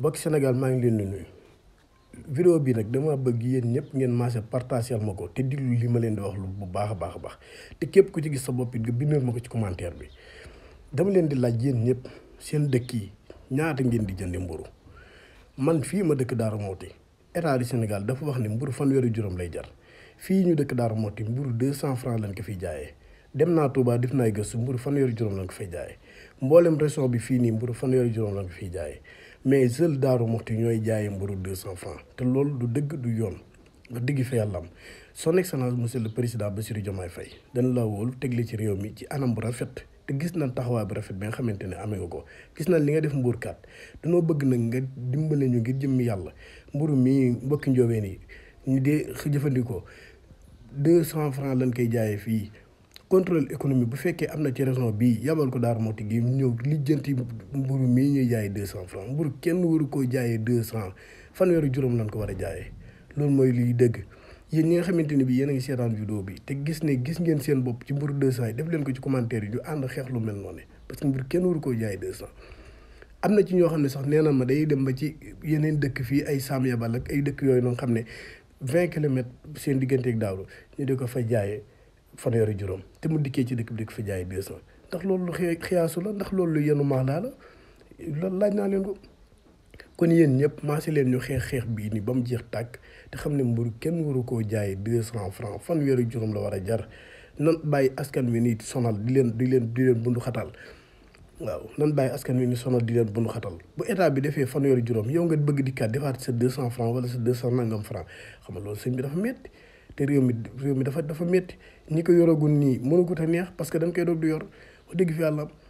mbokk senegal maa ngi leen di nuyu vidéo bi nag dama bëgg yéen ñëpp ngeen marché partagé ma ko te diglu li ma leen di wax lu bu baax baax a baax te képp ku ci gis sa bopp it nga bindal ma ko ci commentaire bi dama leen di laaj yéen ñëpp seen dëkk yi ñaata ngeen di jënde mburu man fii ma dëkk daaru Mouhty état du Sénégal dafa wax ne mburu fanweeri juróom lay jar fii ñu dëkk Darou Mouhty mburu deux cent francs lañ ko fiy jaayee dem naa Touba def naa gëstu mburu fanweeri juróom la nga fay jaay mboolem région bi fii nii mburu fanweeri juróom la nga fiy jaay mais seul Daaru Muxti ñooy jaayee mburu 200 francs te loolu du dëgg du yoon nga digg fa yàlla am son excellence monsieur le président Bassirou Diomaye Faye dañ la wóolu tegle ci réew mi ci anam bu rafet te gis nañ taxawaay bu rafet bi nga xamante ne amee ko gis nañ li nga def mbuurkat dañoo bëgg nag nga dimbale ñu ngir jëmmi yàlla mburu mii mbokki njoobeen yi ñu dee jëfandikoo 200 francs lañ koy jaayee fii contrôle économie bu fekkee am na ci raison bi yabal ko Darou Mouhty gi ñëw lijjanti mburu mii ñuy jaayee deux cent franc mburu kenn waru koo jaayee deux cent fanweeri juróom lañ ko war a jaayee loolu mooy liy dëgg yéen ñi nga xamante ne bi yéen ngi seetaan vidéo bi te gis ne gis ngeen seen bopp ci mburu deux cent yi def leen ko ci commentaire yi ñu ànd xeex lu mel noonu parce mburu kenn waru koo jaayee deux cent am na ci ñoo xam ne sax nee na ma day dem ba ci yeneen dëkk fii ay Sam Yabal ak ay dëkk yooyu noonu xam ne vingt kilomètres seen digganteeg Daaru ñu di ko fa jaayee fanweeri juróom te mu dikkee ci dëkk bi dëkk fi jaay deux cent ndax loolu lu xiyaasu la ndax loolu lu yenu maanaa la loolu laaj naa leen ko kon yéen ñëpp maase leen ñu xeex xeex bii ni ba mu jeex tàkk te xam ne mburu kenn waru koo jaay deux cent franc fanweeri juróom la war a jar nan bàyyi askan wi nii sonal di leen di leen di leen bundu xatal waaw nan bàyyi askan wi ni sonal di bu état bi defee fanweeri juróom yow nga bëgg dikkaat defaat sa deux xam nga loolu sëñ bi dafa metti te réew mi réew mi dafa dafa métti ñi ko yoragun nii mënu ko te neex parce que dañ koy doog du yor wax dëgg fi yàlla